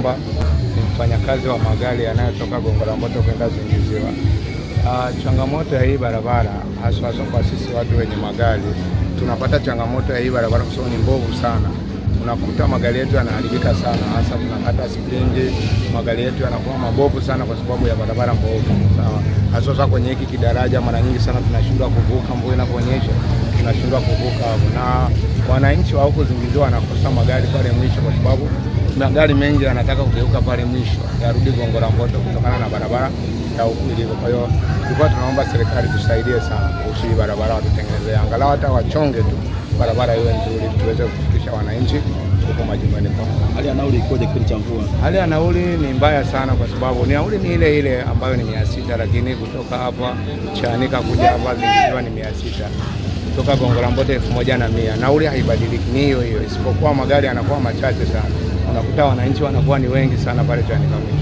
Mumba, ni mfanyakazi wa magari yanayotoka Gongo la Mboto kwenda Zingiziwa. Uh, ah, changamoto ya hii barabara hasa hasa kwa sisi watu wenye magari tunapata changamoto ya hii barabara kwa sababu ni mbovu sana. Unakuta magari yetu yanaharibika sana, hasa tunakata springi, magari yetu yanakuwa mabovu sana kwa sababu ya barabara mbovu. Sawa, hasa sasa kwenye hiki kidaraja, mara nyingi sana tunashindwa kuvuka, mvua inaponyesha tunashindwa kuvuka na wananchi wa huko Zingiziwa wanakosa magari pale mwisho kwa sababu magari mengi yanataka kugeuka pale mwisho yarudi Gongo la Mboto kutokana na barabara ya huku ilivyo. Kwa hiyo tulikuwa tunaomba serikali tusaidie sana kuhusu hii barabara, watutengenezee angalau hata wachonge tu barabara iwe nzuri, tuweze kufikisha wananchi huko majumbani Hali ya nauli ikoje kipindi cha mvua? Hali ya nauli ni mbaya sana, kwa sababu nauli ni ile ile ambayo ni mia sita, lakini kutoka hapa Chanika kuja hapa zikiwa ni mia sita kutoka Gongo la Mboto elfu moja na mia. Nauli haibadiliki, ni hiyo hiyo, isipokuwa magari yanakuwa machache sana unakuta wananchi wanakuwa ni wengi sana pale Changamwe.